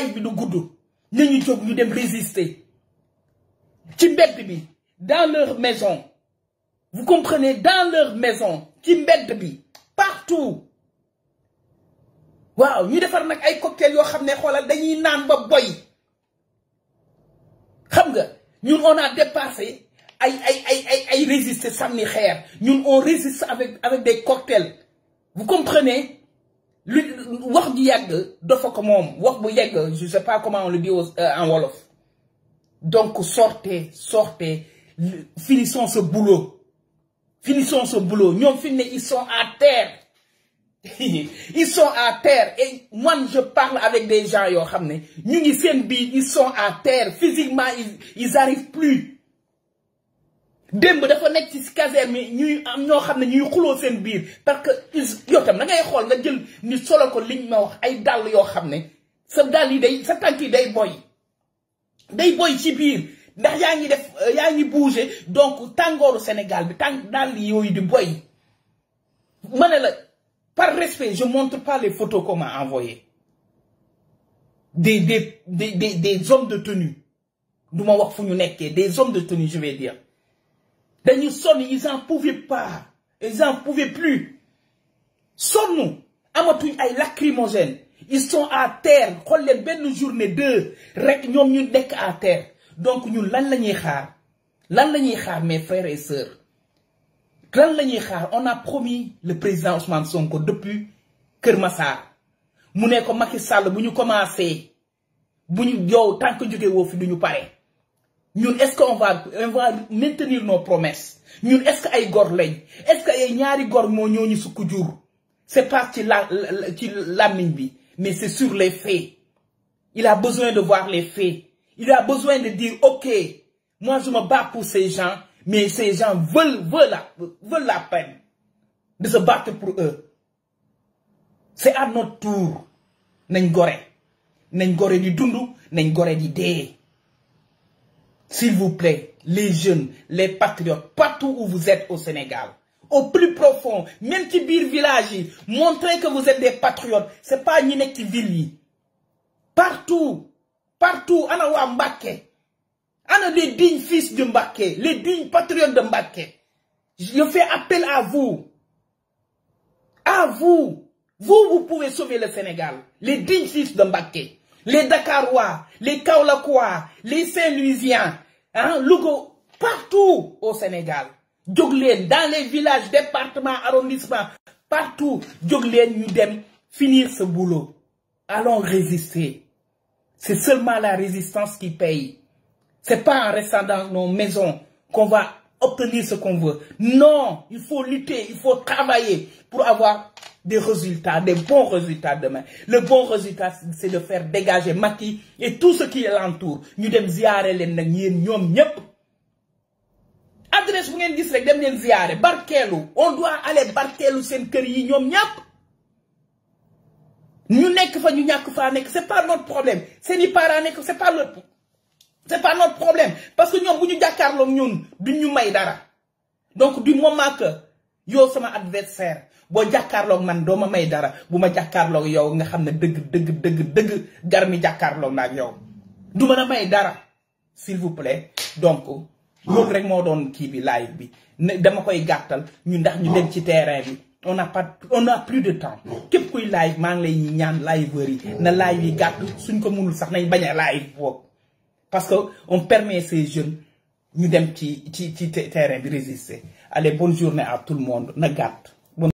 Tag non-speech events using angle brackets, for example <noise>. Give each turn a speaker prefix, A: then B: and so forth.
A: bi du goudou, nit ñu jóg ñu dem résister ci mbedd bi dans leur maison vous comprenez dans leur maison ci mbedd bi partout waaw ñu défar nak ay cocktail yo xamné xolal dañuy naan ba boy xam nga ñun on a dépassé ay ay ay ay ay résister samni xéer ñun on résiste avec avec des cocktails vous comprenez lui, ne je sais pas comment on le dit euh, en wolof donc sortez sortez finissons ce boulot finissons ce boulot ils sont à terre <laughs> ils sont à terre et moi je parle avec des gens ils sont à terre physiquement ils n'arrivent arrivent plus démb dafa nek ci caserne yi ñuy am ño xam ñuy xulo seen biir parce que yo, tam da ngay xol nga jël ni solo ko liñ ma wax ay dàll yo xam sa dal yi day sa tanki day boy day boy ci biir ndax yaangi def euh, yaangi bouger donc tangoru Sénégal bi tàng dal yooyu di boy ma la par respect je montre pas les photos qu'on m'a envoyées des des des des hommes de tenue du ma wax des hommes de tenue je vais dire. Ben, ils n'en pouvaient pas ils n'en pouvaient plus nous lacrymogène ils sont à terre quand les belles journée deux rek à terre donc nous, lan mes frères et sœurs lan on a promis le président Ousmane Sonko depuis Kër Massar mu ko nous Nous commencé nous tant que nous Nous nous est-ce qu'on va on va maintenir nos promesses ñun est-ce que ay gor est-ce que ay ñaari gor moo ñooñu sukk jour c'est pas ci la ci làmmiñ bi mais c'est sur les faits il a besoin de voir les faits il a besoin de dire ok moi je me bats pour ces gens mais ces gens veulent veulent la veulent la peine de se battre pour eux c'est à notre tour nañ gore nañ di dund nañ di dé. S'il vous plaît, les jeunes, les patriotes, partout où vous êtes au Sénégal, au plus profond, même qui bir village, montrez que vous êtes des patriotes. C'est pas Nine qui Partout, partout, à wa à a les dignes fils de Mbake, les dignes patriotes de Je fais appel à vous. À vous. Vous, vous pouvez sauver le Sénégal. Les dignes fils de Les Dakarois, les Kaolakois, les Saint-Louisiens, Hein, Lugo, partout au Sénégal jóg dans les villages départements arrondissements, partout jóg nous finir ce boulot allons résister c'est seulement la résistance qui paye c'est pas en restant dans nos maisons qu'on va obtenir ce qu'on veut non il faut lutter il faut travailler pour avoir des résultats, des bons résultats demain. Le bon résultat, c'est de faire dégager Macky et tout ce qui l'entoure. Nous devons ziarer les Adresse, vous avez dit, dem ziarer. Barkelou. On doit aller Barkelou, c'est une Nous n'est fa, nous sommes C'est pas notre problème. C'est ni Ce c'est pas notre problème. C'est pas notre problème. Parce que nous, nous, nous, à nous, nous, nous, Donc du nous, Donc, yo sama adversaire bo boo ak man doo may dara buma ma jàkkaarloog yow nga xamne deug deug deug deug garmi gar mi yow du mën may dara s'il vous plaît donc loolu rek mo don ki bi live bi dama koy gattal ñu ndax ñu dem ci terrain bi on n'a pas on a plus de temps kep koy live mang lay ñaan liveur yi na live yi gatt suñ ko mënul sax nañ baña live bok parce que on permet ces jeunes ñu dem ci ci ci terrain bi résister allez bonne journée à tout le monde na gàtt